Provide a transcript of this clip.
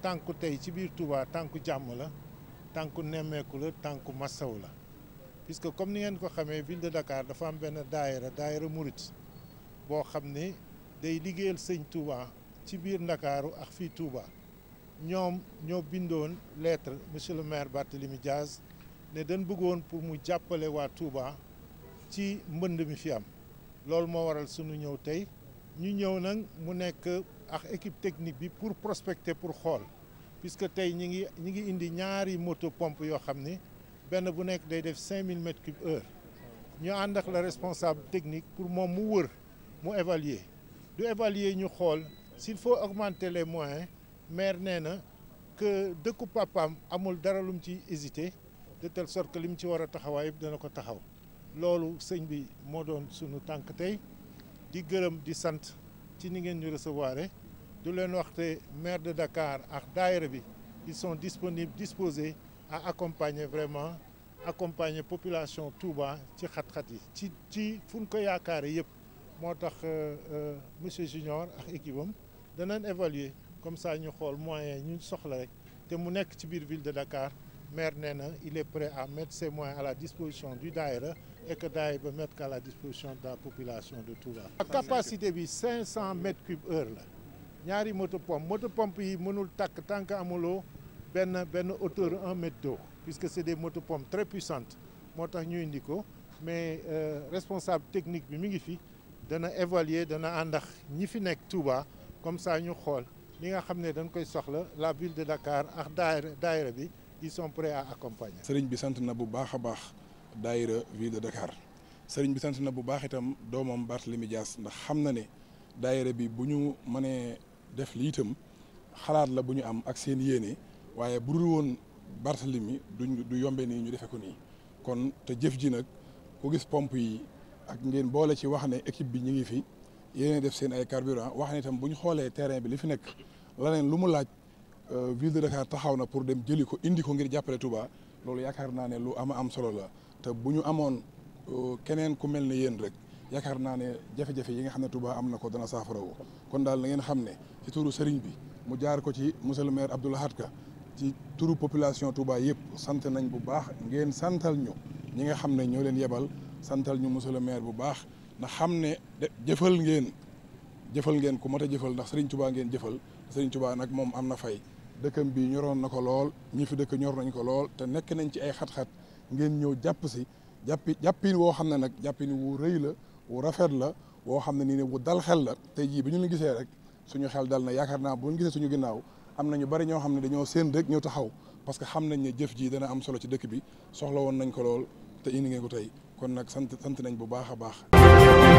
tànku tey ci biir Touba tànku jàmm la tànku nemmeeku la tànku massaw la puisque comme ni ngeen ko xamee ville de Dakar dafa am benn daayira daayira murit boo xam ne day liggéeyal sëñ Touba ci biir Ndakaaru ak fii Touba ñoom ñoo bindoon lettre monsieur le maire Barthélémy Diaz ne dañ bëggoon pour mu jàppale waa Touba ci mbënd mi fi am loolu moo waral sunu ñëw tey ñu ñëw nag mu nekk ak équipe technique bi pour prospecter pour xool puisque tey ñi ngi ñi ngi indi ñaari moto pompe yoo xam ni benn bu nekk day def 5000 mètres heure ñu ànd ak la responsable technique pour moom mu wër mu évaluer du évaluer ñu xool s'il faut augmenter les moins maire nee na que dëkku papaam amul dara lum ci hésité de telle sorte que li mu ci war a taxawaay yëpp dana ko taxaw loolu sëñ bi moo doon sunu tànk tey di gërëm di sant ci ni ngeen ñu recevoir du leen waxte maire de Dakar ak daayira bi ils sont disponibles disposés à accompagner vraiment accompagner population Touba ci xat-xat yi ci ci fu ko yaakaare yëpp moo tax euh, euh, monsieur Junior ak équipe am danañ évaluer comme ça ñu xool moyen ñu soxla rek te mu nekk ci biir ville de Dakar maire nee na il est prêt à mettre ses moyens à la disposition du daayira et que daayira ba mettre qu'à la disposition de la population de a capacité bi 500 mètres cubes heure la. ñaari moto pompe moto pompe yi mënul tàkk tant que amuloo benn benn hauteur un mètre d'eau puisque c'est des moto pompes très puissantes moo tax ñu indi ko mais euh, responsable technique bi mi ngi fi dana évaluer dana àndax ñi fi nekk Touba comme ça ñu xool li nga xam ne dañ koy soxla la ville de Dakar ak daayira daayira bi ils sont prêts à accompagner. sëriñ bi sant na bu baax a baax daayira ville de Dakar sëriñ bi sant na bu baax itam doomam Barthélemy Dias ndax xam na ne daayira bi bu ñu mënee def li itam xalaat la bu ñu am ak seen yéene waaye bu dul woon Barthélemy duñ du yombe nii ñu defe ko nii kon te jëf ji nag ku gis pompe yi ak ngeen boole ci wax ne équipe bi ñu ngi fi yéene def seen ay carburant wax ne itam bu ñu xoolee terrain bi li fi nekk laneen lu mu laaj euh, ville de Dakar taxaw na pour dem jëli ko indi ko ngir jàppale tubaa loolu yaakaar naa ne lu ama am solo la te bu ñu amoon euh, keneen ku mel na yéen rek yaakaar naa ne jafe-jafe yi nga xam ne Touba am na ko dana saafara wu kon daal na ngeen xam ne ci turu sëriñ bi mu jaar ko ci monsieur le maire Abdou Lahad Ka ci turu population Touba yëpp sant nañ bu baax ngeen santal ñu ñi nga xam ne ñoo leen yebal santal ñu monsieur le maire bu baax ndax xam ne jëfal ngeen jëfal ngeen ku mat jëfal ndax sëriñ Touba ngeen jëfal sëriñ Touba nag moom am na fay dëkkam bii ñoroon na ko lool ñi fi dëkk ñor nañ ko lool te nekk nañ ci ay xat ngeen ñëw jàpp si jàppi jàppin woo xam ne nag jàppin wu rëy la bu rafet la woo xam ne nii ne bu dal xel la tey jii bi ñu la gisee rek suñu xel dal na yaakaar naa bu ñu gisee suñu ginnaaw am na ñu bari ñoo xam ne dañoo séen rek ñëw taxaw parce que xam nañ ne jëf ji dana am solo ci dëkk bi soxla woon nañ ko lool te indi ngeen ko tey kon nag sant sant nañ bu baax a baax